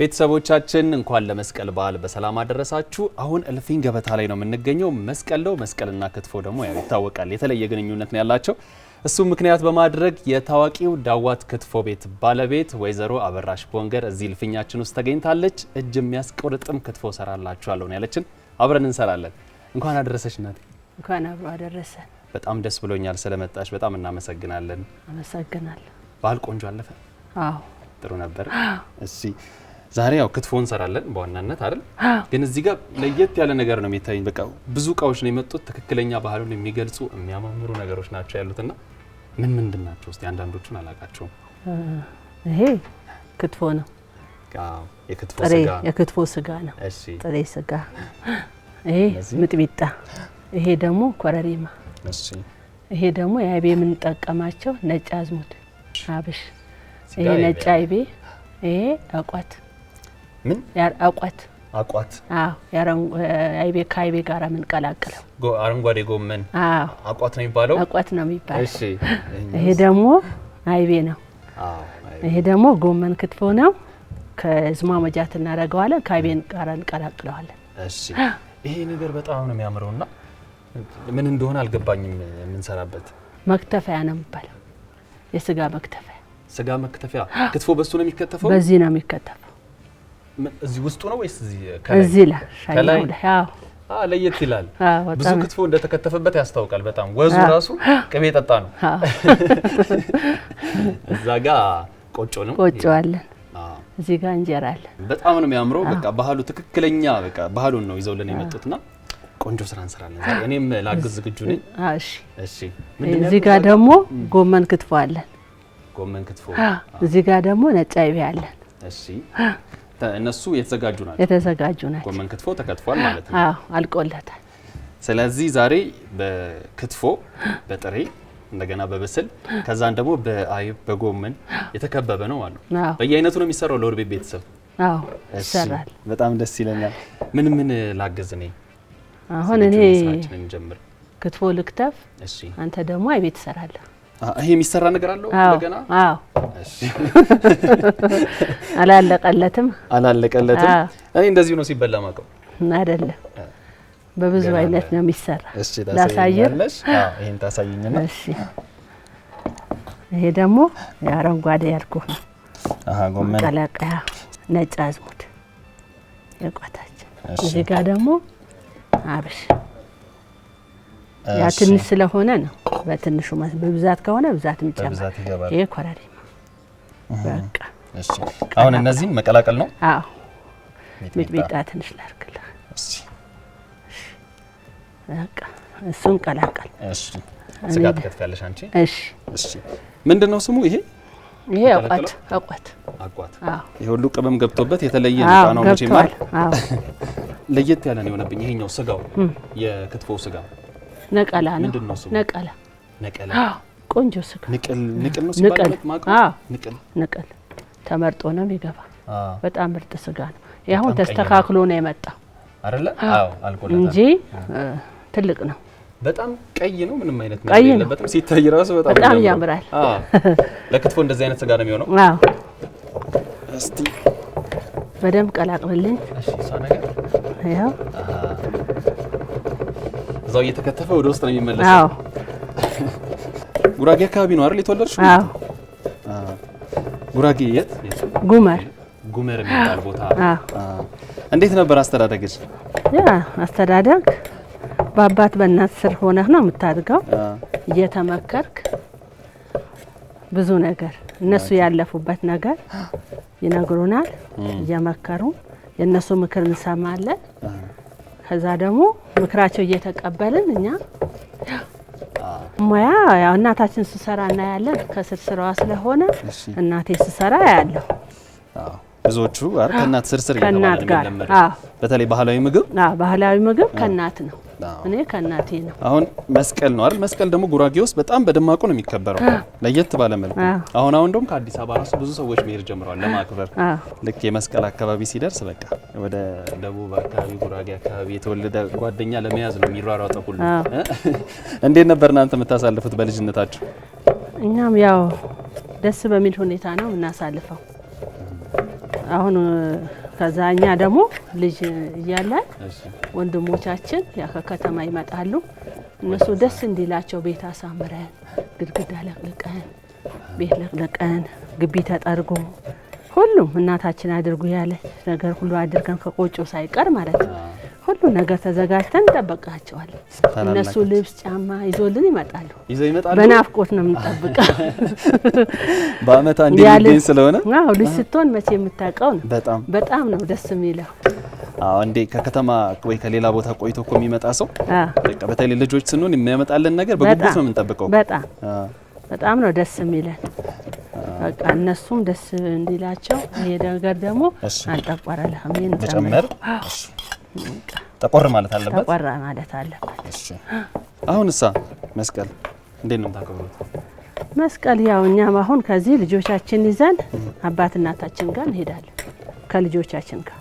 ቤተሰቦቻችን እንኳን ለመስቀል በዓል በሰላም አደረሳችሁ። አሁን እልፍኝ ገበታ ላይ ነው የምንገኘው። መስቀል ነው። መስቀልና ክትፎ ደግሞ ያው ይታወቃል የተለየ ግንኙነት ነው ያላቸው። እሱም ምክንያት በማድረግ የታዋቂው ዳዋት ክትፎ ቤት ባለቤት ወይዘሮ አበራሽ ቦንገር እዚህ እልፍኛችን ውስጥ ተገኝታለች። እጅ የሚያስቆርጥም ክትፎ ሰራላችኋለሁ ነው ያለችን። አብረን እንሰራለን። እንኳን አደረሰች ናት። እንኳን አብሮ አደረሰ። በጣም ደስ ብሎኛል ስለመጣሽ፣ በጣም እናመሰግናለን። አመሰግናለሁ። በዓል ቆንጆ አለፈ? አዎ ጥሩ ነበር። እሺ ዛሬ ያው ክትፎ እንሰራለን በዋናነት አይደል፣ ግን እዚህ ጋር ለየት ያለ ነገር ነው የሚታየኝ። በቃ ብዙ እቃዎች ነው የመጡት። ትክክለኛ ባህሉን የሚገልጹ የሚያማምሩ ነገሮች ናቸው ያሉትና ምን ምንድን ናቸው እስቲ? አንዳንዶቹን አላውቃቸውም። ይሄ ክትፎ ነው፣ የክትፎ ስጋ ነው፣ ጥሬ ስጋ። ይሄ ምጥሚጣ ይሄ ደግሞ ኮረሪማ፣ ይሄ ደግሞ የአይቤ የምንጠቀማቸው ነጭ አዝሙድ፣ አብሽ፣ ይሄ ነጭ አይቤ፣ ይሄ አቋት ምን አቋት አቋት? አይቤ ከአይቤ ጋር የምንቀላቅለው አረንጓዴ ጎመን አቋት ነው የሚባለው። አቋት ነው የሚባለው። ይሄ ደግሞ አይቤ ነው። ይሄ ደግሞ ጎመን ክትፎ ነው። ከዝማ መጃት እናደርገዋለን፣ ከአይቤን ጋር እንቀላቅለዋለን። እሺ፣ ይሄ ነገር በጣም ነው የሚያምረውና ምን እንደሆነ አልገባኝም። የምንሰራበት መክተፈያ ነው የሚባለው። የስጋ መክተፈያ፣ ስጋ መክተፈያ። ክትፎ በሱ ነው የሚከተፈው፣ በዚህ ነው የሚከተፈው እዚህ ውስጡ ነው ወይስ እዚህ ከላይ ለየት ይላል። ብዙ ክትፎ እንደተከተፈበት ያስታውቃል። በጣም ወዙ ራሱ ቅቤ ጠጣ ነው። እዛ ጋ ቆጮ ነው፣ ቆጮ አለን። እዚህ ጋ እንጀራ አለን። በጣም ነው የሚያምረው። በቃ ባህሉ ትክክለኛ በቃ ባህሉን ነው ይዘውልን የመጡትና ቆንጆ ስራ እንሰራለን። እኔም ላግዝ ዝግጁ ነኝ። እሺ፣ እሺ። እዚህ ጋ ደግሞ ጎመን ክትፎ አለን። ጎመን ክትፎ እዚህ ጋ ደግሞ ነጭ አይቤ አለን። እሺ እነሱ የተዘጋጁ ናቸው። የተዘጋጁ ናቸው። ጎመን ክትፎ ተከትፏል ማለት ነው። አዎ አልቆለታል። ስለዚህ ዛሬ በክትፎ በጥሬ እንደገና በብስል ከዛን ደግሞ በአይብ በጎመን የተከበበ ነው ማለት ነው። በየአይነቱ ነው የሚሰራው ለወርቤ ቤተሰብ አዎ ይሰራል። በጣም ደስ ይለኛል። ምን ምን ላግዝ እኔ አሁን እኔ ክትፎ ልክተፍ፣ አንተ ደግሞ አይቤ ትሰራለህ። ይሄ የሚሰራ ነገር አለው እንደገና? አዎ አላለቀለትም፣ አላለቀለትም። እኔ እንደዚሁ ነው ሲበላ ማቀው አይደለም፣ በብዙ አይነት ነው የሚሰራ። እሺ ታሳይኛለሽ? አዎ ይሄን ታሳይኛለሽ። እሺ ይሄ ደግሞ የአረንጓዴ ያልኩ ነው። አሃ ጎመን ቀላቀያ፣ ነጭ አዝሙድ የቋታችን። እዚህ ጋር ደግሞ አብሽ ያ ትንሽ ስለሆነ ነው። በትንሹ በብዛት ከሆነ ብዛት የሚጨምር ይሄ ኮረሪማ በቃ እሺ። አሁን እነዚህም መቀላቀል ነው። አዎ ሚጥሚጣ ትንሽ ላድርግልህ። በቃ እሱን ቀላቀል። እሺ ስጋ ትከትፊያለሽ አንቺ። እሺ እሺ። ምንድን ነው ስሙ ይሄ? ይሄ አቋት አቋት አቋት። አዎ ይሄ ሁሉ ቅመም ገብቶበት የተለየ ነው ነው። ለየት ያለ ነው የሆነብኝ ይሄኛው ስጋው የክትፎ ስጋ ነቀላ ነው። ነቀላ ነቀላ ቆንጆ ስጋ ንቅል ንቅል ነው ሲባል ንቅል ንቅል ተመርጦ ነው የሚገባ። በጣም ምርጥ ስጋ ነው። ያሁን ተስተካክሎ ነው የመጣው አይደለ? አዎ አልቆለታ እንጂ ትልቅ ነው። በጣም ቀይ ነው። ምንም አይነት ነገር የለበትም። ሲታይ ራሱ በጣም በጣም ያምራል። አዎ ለክትፎ እንደዚህ አይነት ስጋ ነው የሚሆነው። አዎ እስቲ በደንብ ቀላቅልልኝ። እሺ ሳ ነገር ያው እዛው እየተከተፈ ወደ ውስጥ ነው የሚመለሰው። ጉራጌ አካባቢ ነው አይደል የተወለድሽ? አዎ። ጉራጌ የት? ጉመር ጉመር የሚባል ቦታ። እንዴት ነበር አስተዳደግሽ? ያ አስተዳደግ በአባት በእናት ስር ሆነህ ነው የምታድገው፣ እየተመከርክ ብዙ ነገር እነሱ ያለፉበት ነገር ይነግሩናል፣ እየመከሩ የእነሱ ምክር እንሰማለን። ከዛ ደግሞ ምክራቸው እየተቀበልን እኛ ሙያ ያው እናታችን ስሰራ እናያለን። ከስር ስራዋ ስለሆነ እናቴ ስሰራ ያለው ብዙዎቹ ከእናት ስርስር ከእናት ጋር በተለይ ባህላዊ ምግብ ባህላዊ ምግብ ከእናት ነው። እኔ ከእናቴ ነው። አሁን መስቀል ነው አይደል? መስቀል ደግሞ ጉራጌ ውስጥ በጣም በደማቁ ነው የሚከበረው፣ ለየት ባለ መልኩ። አሁን አሁን ደግሞ ከአዲስ አበባ ራሱ ብዙ ሰዎች መሄድ ጀምረዋል ለማክበር። ልክ የመስቀል አካባቢ ሲደርስ በቃ ወደ ደቡብ አካባቢ ጉራጌ አካባቢ የተወለደ ጓደኛ ለመያዝ ነው የሚሯሯጠ ሁሉ። እንዴት ነበር እናንተ የምታሳልፉት በልጅነታችሁ? እኛም ያው ደስ በሚል ሁኔታ ነው የምናሳልፈው አሁን ከዛ እኛ ደግሞ ልጅ እያለን ወንድሞቻችን ያ ከከተማ ይመጣሉ። እነሱ ደስ እንዲላቸው ቤት አሳምረን ግድግዳ ለቅልቀን ቤት ለቅልቀን ግቢ ተጠርጎ ሁሉም እናታችን አድርጉ ያለ ነገር ሁሉ አድርገን ከቆጮ ሳይቀር ማለት ነው ሁሉ ነገር ተዘጋጅተን እንጠብቃቸዋለን። እነሱ ልብስ፣ ጫማ ይዞልን ይመጣሉ። ይዘው ይመጣሉ። በናፍቆት ነው የምንጠብቀው። በአመት አንድ የሚገኝ ስለሆነ አዎ፣ ልጅ ስትሆን መቼ የምታውቀው ነው። በጣም በጣም ነው ደስ የሚለው። አዎ፣ እንዴ ከከተማ ወይ ከሌላ ቦታ ቆይቶ እኮ የሚመጣ ሰው በቃ በተለይ ልጆች ስንሆን የሚያመጣልን ነገር በጉጉት ነው የምንጠብቀው። በጣም በጣም ነው ደስ የሚለን። በቃ እነሱም ደስ እንዲላቸው ይሄ ነገር ደግሞ አልጠቋረልህም ይህን ጨምር ጠቆር ማለት አለበት። ጠቆር ማለት አለበት። እሺ። አሁን እሳ መስቀል እንዴት ነው የምታከብሩት? መስቀል ያው እኛም አሁን ከዚህ ልጆቻችን ይዘን አባት እናታችን ጋር እንሄዳለን ከልጆቻችን ጋር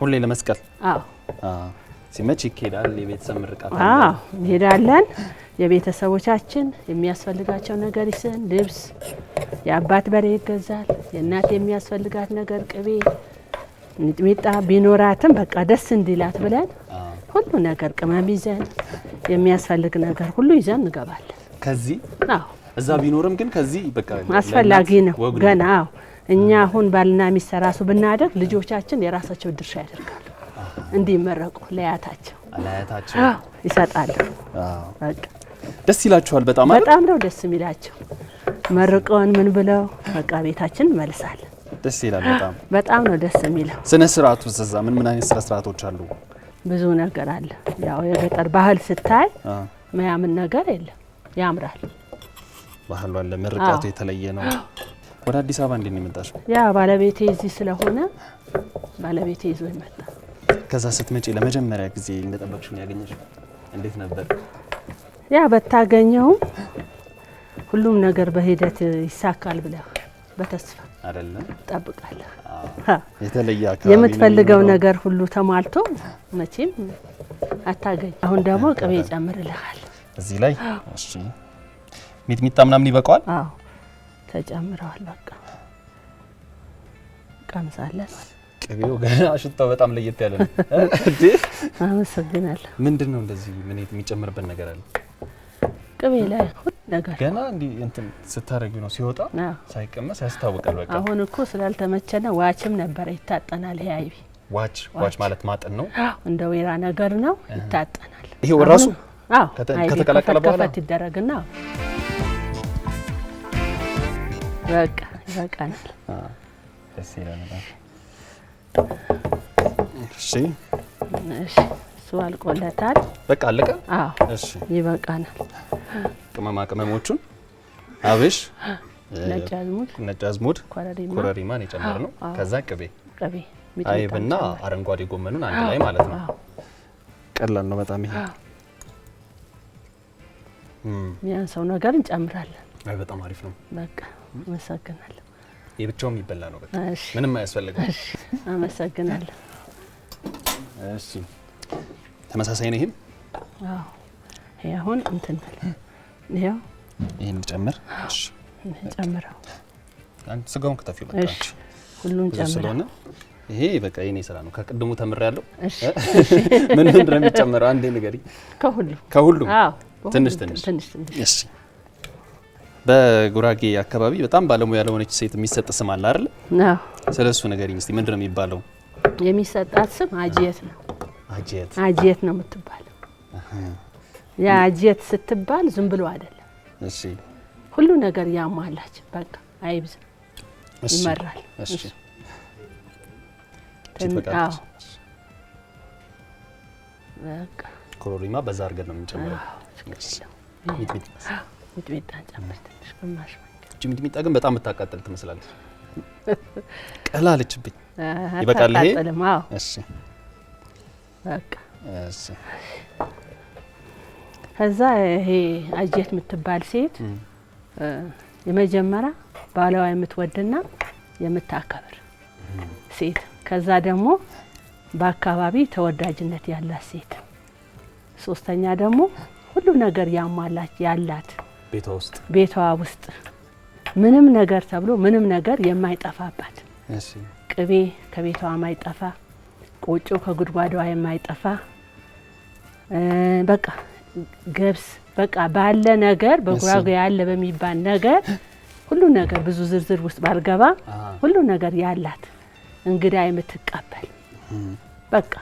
ሁሌ ለመስቀል። አዎ አዎ፣ ሲመች ይኬዳል። የቤተሰብ ምርቃት አዎ፣ እንሄዳለን። የቤተሰቦቻችን የሚያስፈልጋቸው ነገር ይስን ልብስ፣ የአባት በሬ ይገዛል። የእናት የሚያስፈልጋት ነገር ቅቤ ሚጥሚጣ ቢኖራትም በቃ ደስ እንዲላት ብለን ሁሉ ነገር ቅመም ይዘን የሚያስፈልግ ነገር ሁሉ ይዘን እንገባለን። ከዚህ አዎ፣ እዛ ቢኖርም ግን ከዚህ በቃ አስፈላጊ ነው ገና። አዎ፣ እኛ አሁን ባልና ሚስት ራሱ ብናደርግ ልጆቻችን የራሳቸው ድርሻ ያደርጋሉ፣ እንዲመረቁ ለያታቸው ለያታቸው ይሰጣሉ። ደስ ይላቸዋል። በጣም በጣም ነው ደስ የሚላቸው። መርቀውን ምን ብለው በቃ ቤታችን እንመልሳለን። ደስ ይላል። በጣም በጣም ነው ደስ የሚለው። ስነ ስርዓቱ ዘዛ ምን ምን አይነት ስነ ስርዓቶች አሉ? ብዙ ነገር አለ። ያው የገጠር ባህል ስታይ ምናምን ነገር የለም፣ ያምራል። ባህሉ አለ፣ ምርቃቱ የተለየ ነው። ወደ አዲስ አበባ እንዴት ነው የመጣሽው? ያ ባለቤቴ እዚህ ስለሆነ ባለቤቴ ይዞ ይመጣ። ከዛ ስትመጪ ለመጀመሪያ ጊዜ እንደጠበቅሽ ያገኘሽ? እንዴት ነበር? ያ በታገኘውም ሁሉም ነገር በሂደት ይሳካል ብለህ በተስፋ አይደለም እጠብቃለሁ። የተለየ የምትፈልገው ነገር ሁሉ ተሟልቶ መቼም አታገኝ። አሁን ደግሞ ቅቤ ጨምርልሃል እዚህ ላይ እሺ። ሚጥሚጣ ምናምን ይበቃዋል? አዎ ተጨምረዋል። በቃ ቀምሳለን። ቅቤው ገና ሽታው በጣም ለየት ያለ ነው። አመሰግናለሁ። ምንድን ነው እንደዚህ ምን የሚጨምርበት ነገር አለ? ቅቤ ላይ ሁሉ ነገር ገና እንዲህ እንትን ስታረጊ ነው ሲወጣ ሳይቀመስ ያስታውቃል። በቃ አሁን እኮ ስላልተመቸነ ዋችም ነበረ ይታጠናል። ይሄ አይቢ ዋች ዋች ማለት ማጠን ነው፣ እንደ ወይራ ነገር ነው ይታጠናል። ይሄው ራሱ ከተቀላቀለ በኋላ ይደረግና በቃ ይበቃናል። ደስ ይላል። እሺ እሺ አልቆለታል። በቃ አለቀ። እሺ ይበቃናል። ቅመማ ቅመሞቹን አብሽ፣ ነጭ አዝሙድ፣ ኮረሪማን የጨመር ነው። ከዛ ቅቤ ቅቤ አይብና አረንጓዴ ጎመኑን አንድ ላይ ማለት ነው። ቀላል ነው በጣም ይሄ የሚያንሰው ነገር እንጨምራለን። አይ በጣም አሪፍ ነው። በቃ አመሰግናለሁ። የብቻውም ይበላ የሚበላ ነው። በቃ ምንም አያስፈልግም። አመሰግናለሁ። እሺ ተመሳሳይ ነው። ይሄም አሁን እንትን ይኸው ይሄን ጨምር ጨምረው ስጋውን ክተፊው በቃ ሁሉን ጨምረው ይሄ በቃ የኔ ስራ ነው። ከቅድሙ ተምሬ ያለው ምን ምን ነው የሚጨመረው? አንዴ ንገሪኝ። ከሁሉ ከሁሉ ትንሽ ትንሽ እሺ። በጉራጌ አካባቢ በጣም ባለሙያ ለሆነች ሴት የሚሰጥ ስም አለ አይደል? ስለሱ ንገሪኝ እስቲ። ምንድን ነው የሚባለው? የሚሰጣት ስም አጅየት ነው። አጀት ነው የምትባለው። የአጀት ስትባል ዝም ብሎ አይደለም። ሁሉ ነገር ያሟላች በቃ አይብዝም፣ ይመራል። ኮሮሪማ በዛ አድርገን ነው የምንጨምረው። ሚጥሚጣ ግን በጣም የምታቃጥል ትመስላለች። ቀላለችብኝ። ይበቃል ይሄ። ከዛ ይሄ አጀት የምትባል ሴት የመጀመሪያ ባለዋ የምትወድና የምታከብር ሴት፣ ከዛ ደግሞ በአካባቢ ተወዳጅነት ያላት ሴት፣ ሶስተኛ ደግሞ ሁሉም ነገር ያሟላች ያላት ቤቷ ውስጥ ቤቷ ውስጥ ምንም ነገር ተብሎ ምንም ነገር የማይጠፋባት ቅቤ ከቤቷ ማይጠፋ ቆጮ ከጉድጓዷ የማይጠፋ በቃ ገብስ በቃ ባለ ነገር በጉራጌ ያለ በሚባል ነገር ሁሉ ነገር ብዙ ዝርዝር ውስጥ ባልገባ ሁሉ ነገር ያላት እንግዳ የምትቀበል በቃ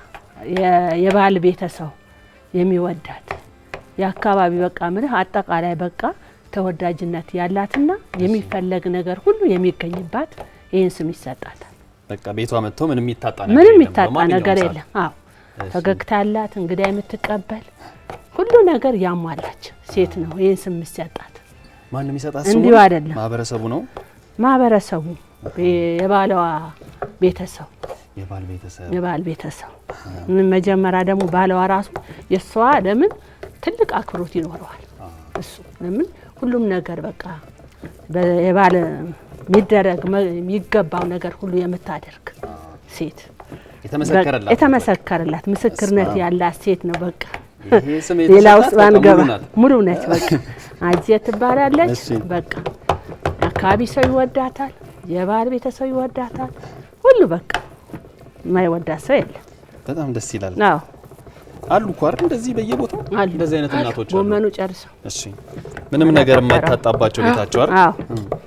የባህል ቤተሰው የሚወዳት የአካባቢ በቃ ምልህ አጠቃላይ በቃ ተወዳጅነት ያላትና የሚፈለግ ነገር ሁሉ የሚገኝባት ይህን ስም ይሰጣታል። በቃ ቤቷ መጥቶ ምንም የሚታጣ ነገር ምንም የሚታጣ ነገር የለም። አዎ ፈገግታ ያላት እንግዳ የምትቀበል ሁሉ ነገር ያሟላች ሴት ነው። ይህን ስም ሲያጣት ማንም ይሰጣት እንዲሁ አይደለም። ማህበረሰቡ ነው ማህበረሰቡ የባሏ ቤተሰብ የባል ቤተሰብ መጀመሪያ ደግሞ ባለዋ ራሱ የእሷ ለምን ትልቅ አክብሮት ይኖረዋል። እሱ ለምን ሁሉም ነገር በቃ የባለ የሚደረግ የሚገባው ነገር ሁሉ የምታደርግ ሴት የተመሰከረላት ምስክርነት ያላት ሴት ነው። በቃ ሌላ ውስጥ ባንገባ ሙሉ ነች። በቃ አጀ ትባላለች። በቃ አካባቢ ሰው ይወዳታል፣ የባህል ቤተሰብ ይወዳታል። ሁሉ በቃ የማይወዳት ሰው የለም። በጣም ደስ ይላል። አዎ አሉ እኮ አይደል? እንደዚህ በየቦታው እንደዚህ አይነት እናቶች አሉ። ጎመኑ ጨርሰው፣ እሺ ምንም ነገር የማይታጣባቸው ቤታቸው አይደል? አዎ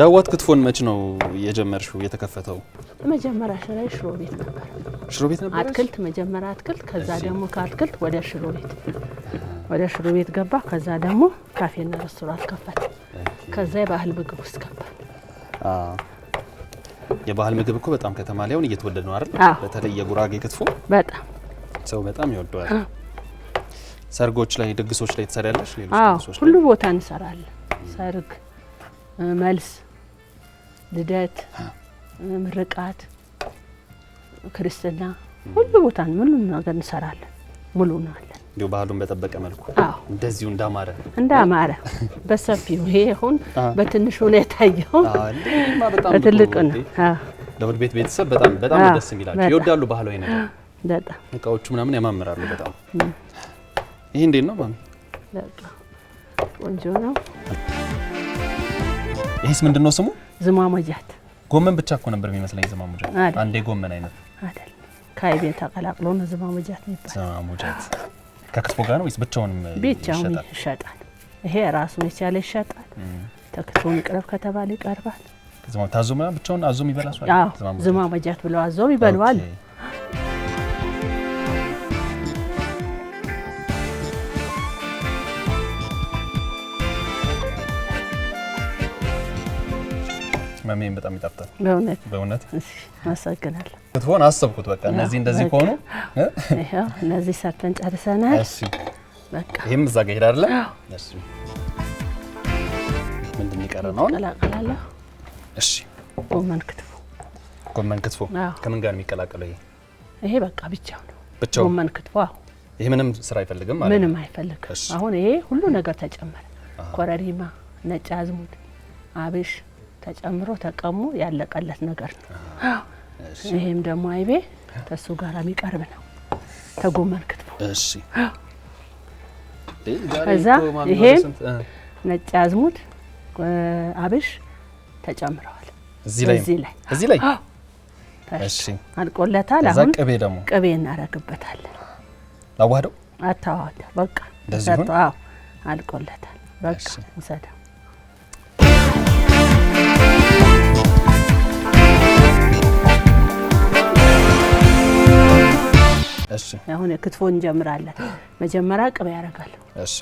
ዳዋት ክትፎን መች ነው የጀመርሽው? የተከፈተው መጀመሪያ ላይ ሽሮ ቤት ነበር። ሽሮ ቤት ነበር። አትክልት መጀመሪያ አትክልት፣ ከዛ ደግሞ ከአትክልት ወደ ሽሮ ቤት ወደ ሽሮ ቤት ገባ። ከዛ ደግሞ ካፌና ሬስቶራንት ከፈተ። ከዛ የባህል ምግብ ውስጥ ገባ። የባህል ምግብ እኮ በጣም ከተማ ላይ አሁን እየተወደደ ነው አይደል? በተለይ የጉራጌ ክትፎ በጣም ሰው በጣም ይወደዋል። ሰርጎች ላይ፣ ድግሶች ላይ ትሰሪያለሽ? ሌሎች ሁሉ ቦታ እንሰራለን። ሰርግ መልስ ልደት፣ ምርቃት፣ ክርስትና ሁሉ ቦታ ምንም ነገር እንሰራለን። ሙሉ ናለን። እንዲሁ ባህሉን በጠበቀ መልኩ እንደዚሁ እንዳማረ እንዳማረ በሰፊው ይሄ አሁን በትንሹ ነው የታየው። በትልቁ ነው ለእሑድ ቤት ቤተሰብ በጣም በጣም ደስ የሚላቸው ይወዳሉ። ባህላዊ ነገር በጣም እቃዎቹ ምናምን ያማምራሉ። በጣም ይሄ እንዴት ነው? ማ ቆንጆ ነው። ይህስ ምንድን ነው ስሙ? ዝማሙጃት ጎመን ብቻ እኮ ነበር የሚመስለኝ። ዝማሙጃት አንዴ ጎመን አይነት አይደል? ከአይቤ ተቀላቅሎ ነው ዝማሙጃት የሚባል። ዝማሙጃት ከክትፎ ጋር ነው ወይስ ብቻውን? ብቻውን ይሸጣል። ይሄ ራሱን የቻለ ይሸጣል። ተክቶን ይቅረብ ከተባለ ይቀርባል። ዝማሙጃት ታዞ ብቻውን አዞም ይበላል። ዝማሙጃት ብለው አዞም ይበላዋል። መሜን በጣም ይጣፍጣል። በእውነት በእውነት አመሰግናለሁ። ክትፎን አሰብኩት። በቃ እነዚህ እንደዚህ ከሆኑ እነዚህ ሰርተን ጨርሰናል። በቃ ይሄም እዛ ጋር ሄዳለ። እሺ ምንድን ይቀረን ነው? ቀላቀላለሁ። እሺ ጎመን ክትፎ ጎመን ክትፎ ከምን ጋር ነው የሚቀላቀለው? ይሄ ይሄ በቃ ብቻው ነው ብቻው ጎመን ክትፎ። ይሄ ምንም ስራ አይፈልግም ማለት ምንም አይፈልግም። አሁን ይሄ ሁሉ ነገር ተጨመረ። ኮረሪማ፣ ነጭ አዝሙድ፣ አብሽ ተጨምሮ ተቀሞ ያለቀለት ነገር ነው። ይሄም ደግሞ አይቤ ተሱ ጋር የሚቀርብ ነው ተጎመን ክትፎ። ከዛ ይሄም ነጭ አዝሙድ አብሽ ተጨምረዋል። እዚህ ላይ እዚህ ላይ ላይ እሺ፣ አልቆለታል። አሁን ቅቤ ደግሞ ቅቤ እናረግበታለን። ላዋህደው አታዋደ በቃ አዎ፣ አልቆለታል። በቃ ውሰደው አሁን ክትፎ እንጀምራለን። መጀመሪያ ቅቤ ያደርጋለሁ። እሺ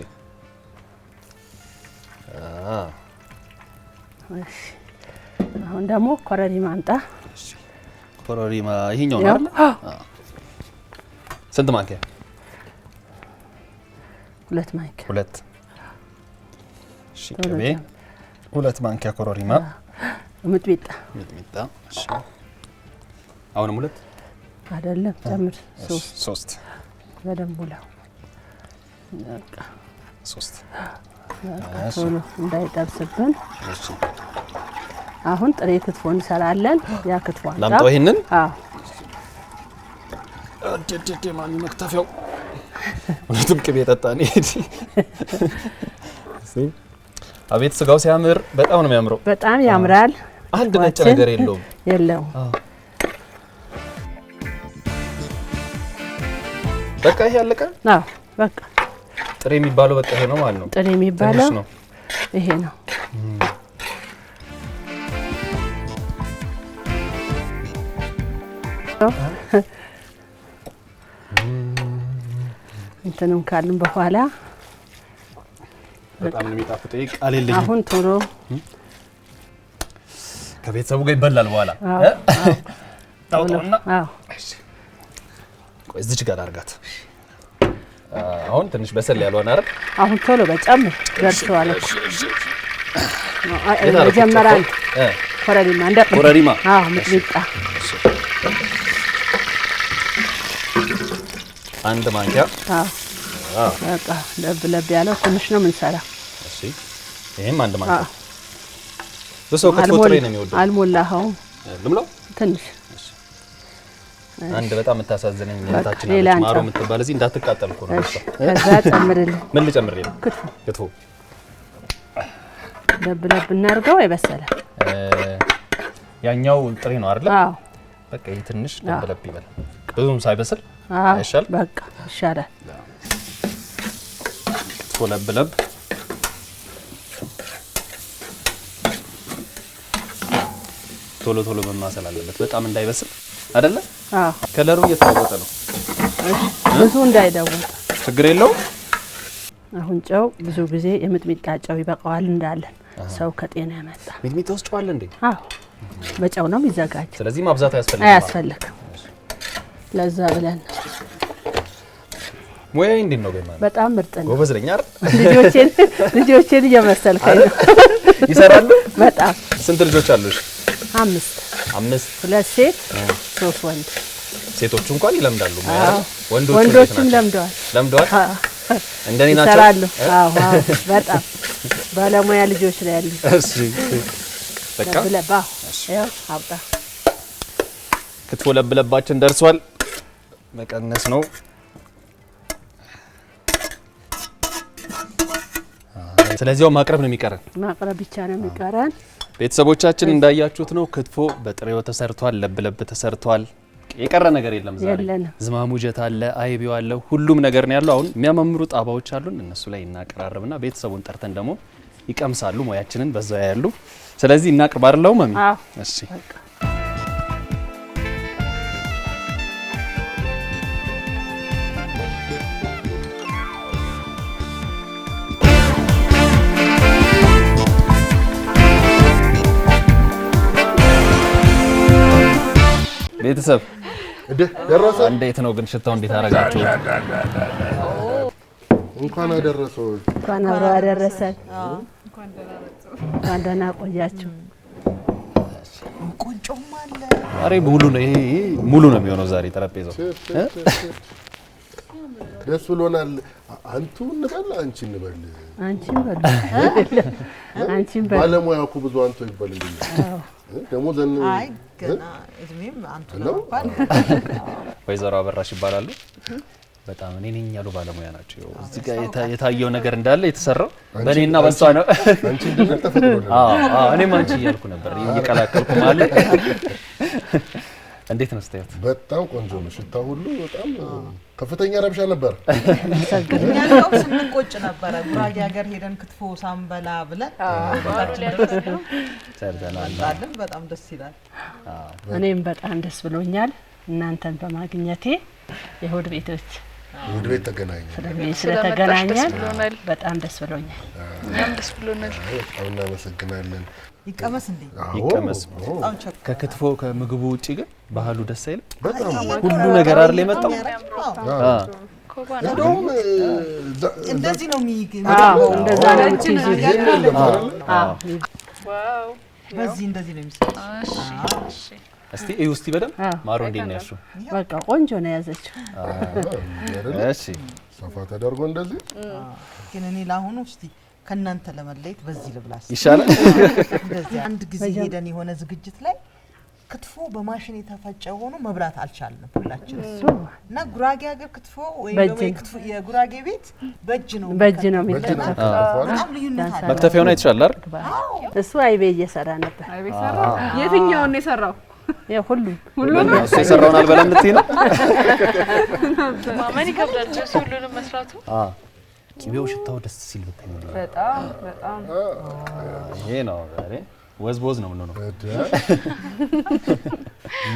አሁን ደግሞ ኮረሪማ አንጣ። ኮረሪማ ይሄኛው ነው አይደል? አዎ። ስንት ማንኪያ? ሁለት ማንኪያ። ሁለት እሺ፣ ቅቤ ሁለት ማንኪያ ኮረሪማ። ሚጥሚጣ ሚጥሚጣ። እሺ፣ አሁንም ሁለት አይደለም ጨምር። ሶስት በደንብ ላ ሶስት ቶሎ እንዳይጠብስብን። አሁን ጥሬ ክትፎ እንሰራለን። ያ ክትፎ ላምጣው። ይሄንን ደደደ ማሚ መክተፊያው ሁለቱም ቅቤ የጠጣ አቤት ስጋው ሲያምር! በጣም ነው የሚያምረው። በጣም ያምራል። አንድ ነጭ ነገር የለውም የለውም። በቃ ይሄ አለቀ። አዎ በቃ ጥሬ የሚባለው በቃ ይሄ ነው ማለት ነው። ጥሬ የሚባለው ይሄ ነው። እንትንም ካልን በኋላ በጣም ነው የሚጣፍጠው። ቃል የለኝም። አሁን ቶሎ ከቤተሰቡ ጋር ይበላል በኋላ ቆይ እዚች ጋር አርጋት። አሁን ትንሽ በሰል ያልሆነ አይደል? አሁን ቶሎ በጨምር ደርሰዋል እኮ መጀመሪያ ኮረሪማ እንደ ኮረሪማ። አዎ ሚጥሚጣ አንድ ማንኪያ። አዎ በቃ ለብ ለብ ያለው ትንሽ ነው የምንሰራ። እሺ ይሄም አንድ ማንኪያ። በሰው ክትፎ ጥሬ ነው የሚወደው። አልሞላኸውም። ትንሽ አንድ በጣም የምታሳዝነኝ ታችን አለች ማሮ የምትባል እዚህ እንዳትቃጠል እኮ ነው። ከዛ ጨምርልኝ። ምን ልጨምርልኝ ክትፎ ክትፎ ለብ ለብ እናድርገው። የበሰለ ያኛው ጥሬ ነው አይደለ? አዎ። በቃ ይሄ ትንሽ ለብ ለብ ይበል፣ ብዙም ሳይበስል ይሻል። በቃ ይሻላል። ክትፎ ለብ ለብ ቶሎ ቶሎ መማሰል አለበት፣ በጣም እንዳይበስል አይደለ? አዎ። ከለሩ እየተለወጠ ነው፣ ብዙ እንዳይለወጥ። ችግር የለውም። አሁን ጨው ብዙ ጊዜ የምጥሚጣ ጨው ይበቃዋል እንዳለን ሰው ከጤና ያመጣ ሚጥሚጣ ውስጥ ጨው አለ እንዴ? አዎ፣ በጨው ነው የሚዘጋጅ። ስለዚህ ማብዛት አያስፈልግም፣ አያስፈልግም። ለዛ ብለን ሙያ እንዴት ነው ገማ በጣም ምርጥ ነው። ጎበዝ ነኝ አይደል? ልጆቼን ልጆቼን እየመሰልከኝ ነው። ይሰራሉ በጣም። ስንት ልጆች አሉሽ? አምስት አምስት ሁለት ሴት ሶስት ወንድ። ሴቶቹ እንኳን ይለምዳሉ፣ ወንዶቹም ለምደዋል ለምደዋል። እንደኔ ናቸው ይሰራሉ። አዎ በጣም ባለሙያ ልጆች ላይ ያሉት። እሺ በቃ ለባ ያው አውጣ ክትፎ ለብለባችን ደርሷል። መቀነስ ነው ስለዚያው ማቅረብ ነው የሚቀረን፣ ማቅረብ ብቻ ነው የሚቀረን። ቤተሰቦቻችን እንዳያችሁት ነው። ክትፎ በጥሬው ተሰርቷል፣ ለብለብ ተሰርቷል። የቀረ ነገር የለም። ዛሬ ዝማሙ ጀት አለ፣ አይቢው አለ፣ ሁሉም ነገር ነው ያለው። አሁን የሚያማምሩ ጣባዎች አሉን። እነሱ ላይ እናቀራርብና ቤተሰቡን ጠርተን ደግሞ ይቀምሳሉ። ሙያችንን በዛ ያሉ። ስለዚህ እናቅርብ መሚ እሺ ቤተሰብ ደረሰ። እንዴት ነው ግን ሽታው? እንዴት አደረጋችሁ? እንኳን አደረሰው። እንኳን አብሮ አደረሰ። እንኳን ደህና ቆያችሁ። ቆንጮም አለ። ሙሉ ነው። ይሄ ሙሉ ነው የሚሆነው ዛሬ ጠረጴዛው። ደስ ብሎናል። አንቱ እንበል፣ አንቺ እንበል፣ አንቺ እንበል፣ አንቺ እንበል። ባለሙያ እኮ ብዙ አንቱ ይበል ደሞ ዘን አይ ወይዘሮ አበራሽ ይባላሉ። በጣም እኔ ነኝ ያሉ ባለሙያ ናቸው። እዚህ ጋር የታየው ነገር እንዳለ የተሰራው በእኔና በሷ ነው። እኔም አንቺ እያልኩ ነበር እየቀላቀልኩ ማለት እንዴት ነው ስታዩት? በጣም ቆንጆ ነው። ሽታ ሁሉ በጣም ከፍተኛ ረብሻ ነበር። ስንቆጭ ነበረ ጉራጌ ሀገር ሄደን ክትፎ ሳንበላ ብለን በጣም ደስ ይላል። እኔም በጣም ደስ ብሎኛል እናንተን በማግኘቴ የእሁድ ቤቶች እሁድ ቤት ተገናኘ ስለተገናኘን በጣም ደስ ብሎኛል። እኛም ደስ ብሎናል። በጣም እናመሰግናለን። ይቀመስ እንዴ ይቀመስ። ከክትፎ ከምግቡ ውጭ ግን ባህሉ ደስ አይልም። ሁሉ ነገር አይደል የመጣው። እንደውም እንደዚህ ነው የሚገኘው። እንደዛ ነው በዚህ እንደዚህ ነው የሚሰጠው። እስቲ እዩ እስቲ በደንብ ማሮ እንዴት ነው ያልሽው? በቃ ቆንጆ ነው የያዘችው። እሺ ሰፋ ተደርጎ እንደዚህ ግን እኔ ለአሁኑ እስቲ ከእናንተ ለመለየት በዚህ ልብላስ ይሻላል። አንድ ጊዜ ሄደን የሆነ ዝግጅት ላይ ክትፎ በማሽን የተፈጨ ሆኖ መብላት አልቻልንም ሁላችን እና ጉራጌ ሀገር ክትፎ ወይም የጉራጌ ቤት በእጅ ነው በእጅ ነው በጣም ልዩነት አለ። መክተፊያ ሆነ የተሻለ አይደል? እሱ አይቤ እየሰራ ነበር። የትኛውን ነው የሰራው? ሁሉም ሁሉም እሱ የሰራውን አልበላ እንትን ነው ማመን ይከብዳል። ሁሉንም መስራቱ ቅቤው ሽታው ደስ ሲል ብታይ በጣም በጣም ይሄ ነው ዛሬ ወዝቦዝ ነው የምንሆነው።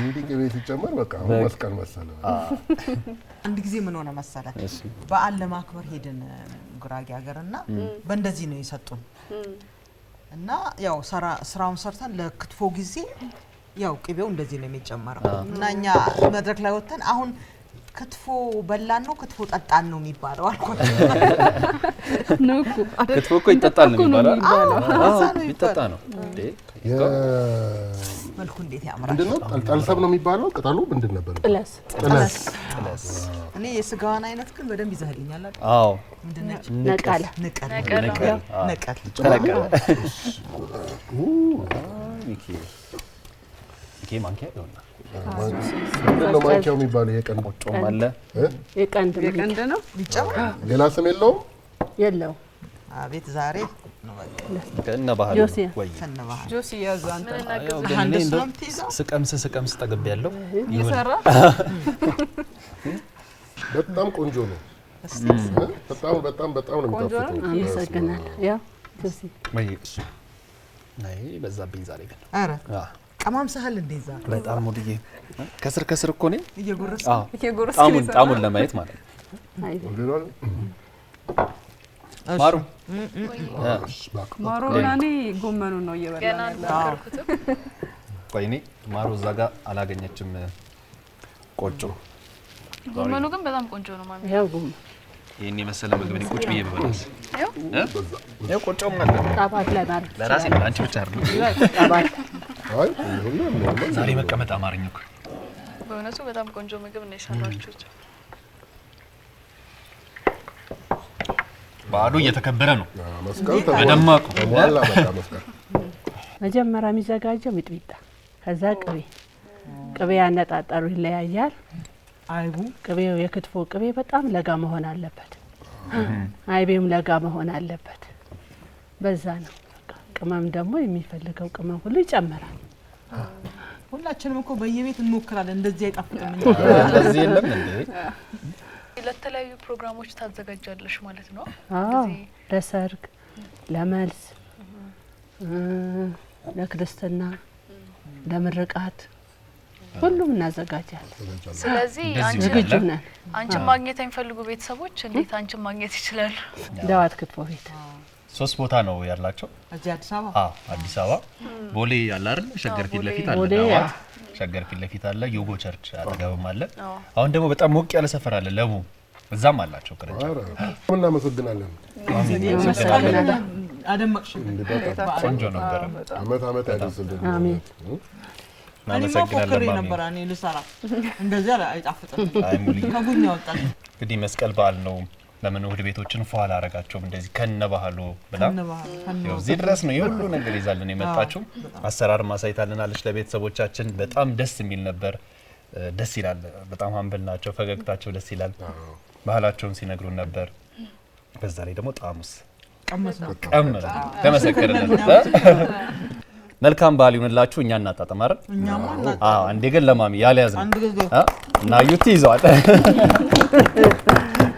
እንግዲህ ቅቤ ሲጨመር በቃ መስቀል መሰለ። አንድ ጊዜ ምን ሆነ መሰለ፣ በዓል ለማክበር ሄድን ጉራጌ ሀገር እና በእንደዚህ ነው የሰጡን እና ያው ስራውን ሰርተን ለክትፎ ጊዜ ያው ቅቤው እንደዚህ ነው የሚጨመረው እና እኛ መድረክ ላይ ወጥተን አሁን ክትፎ በላን ነው ክትፎ ጠጣን ነው የሚባለው አልኳቸው። እኮ ክትፎ እኮ ይጠጣል ነው ይጠጣ ነው። መልኩ እንዴት ያምራል! ጠልሰብ ነው የሚባለው ቅጠሉ ምንድን ነበር? ጥለስ እኔ የስጋዋን አይነት ግን በደንብ ይዘህልኛል አዎ ምንድን ነው ማንኪያው የሚባለው? የቀንድ ቦጮም አለ። የቀንድ ነው። ሌላ ስም የለውም። የለው አቤት ዛሬ ስቀምስ ስቀምስ ጠግብ ያለው በጣም ቆንጆ ነው። በጣም በጣም በጣም ነው የሚጣፍጠው። በዛብኝ ዛሬ ግን ቀማምሰሃል እንደዛ በጣም ሙድዬ ከስር ከስር እኮ እኔ ጣሙን ጣሙን ለማየት ማለት ነው። ማሩ ማሩና እኔ ጎመኑን ነው እየበላን። ቆይ እኔ ማሩ እዛ ጋር አላገኘችም። ቆጮ ጎመኑ ግን በጣም ቆንጆ ነው ማለት ነው። ይህን የመሰለ ምግብ እኔ ቁጭ ብዬ ብበላስ ቆጮ ምናለ ለራሴ አንቺ ብቻ ነው ዛሬ መቀመጥ አማርኝ እኮ በእውነቱ በጣም ቆንጆ ምግብ ነው የሰራችሁት። በዓሉ እየተከበረ ነው። በደማቁ መጀመሪያ የሚዘጋጀው ሚጥሚጣ፣ ከዛ ቅቤ ቅቤ ያነጣጠሩ ይለያያል። አይቡ ቅቤው የክትፎ ቅቤ በጣም ለጋ መሆን አለበት። አይቤም ለጋ መሆን አለበት። በዛ ነው ቅመም ደግሞ የሚፈልገው ቅመም ሁሉ ይጨምራል። ሁላችንም እኮ በየቤት እንሞክራለን። እንደዚህ አይጣፍጥም። ለተለያዩ ፕሮግራሞች ታዘጋጃለሽ ማለት ነው? አዎ፣ ለሰርግ፣ ለመልስ፣ ለክርስትና፣ ለምርቃት ሁሉም እናዘጋጃለን። ስለዚህ ዝግጁ ነን። አንቺን ማግኘት የሚፈልጉ ቤተሰቦች እንዴት አንቺን ማግኘት ይችላሉ? ዳዋት ክትፎ ቤት ሶስት ቦታ ነው ያላቸው። አዲስ አበባ ቦሌ ያለ አይደል? ሸገር ፊት ለፊት አለ። ዳዋት ሸገር ፊት ለፊት አለ። ዩጎ ቸርች አጠገብም አለ። አሁን ደግሞ በጣም ሞቅ ያለ ሰፈር አለ፣ ለቡ እዛም አላቸው ቅርንጫፍ። እናመሰግናለን። አደመቅሽልኝ። ቆንጆ ነበረ። አመት አመት ያደርስልን። እንደዚህ አይጣፍጥም። እንግዲህ መስቀል በዓል ነው ለምን እሁድ ቤቶችን ፏ አላረጋቸውም እንደዚህ ከነ ባህሉ ብላ እዚህ ድረስ ነው የሁሉ ነገር ይዛልን የመጣችው። አሰራር ማሳይታልናለች ለቤተሰቦቻችን። በጣም ደስ የሚል ነበር። ደስ ይላል። በጣም ሀምብል ናቸው። ፈገግታቸው ደስ ይላል። ባህላቸውን ሲነግሩን ነበር። በዛ ላይ ደግሞ ጣሙስ ቀመስ ተመሰከረለት። መልካም በዓል ይሁንላችሁ። እኛ አይደል? አዎ። አንዴ ግን ለማሚ ያልያዝ ነው እና ዩቲ ይዘዋል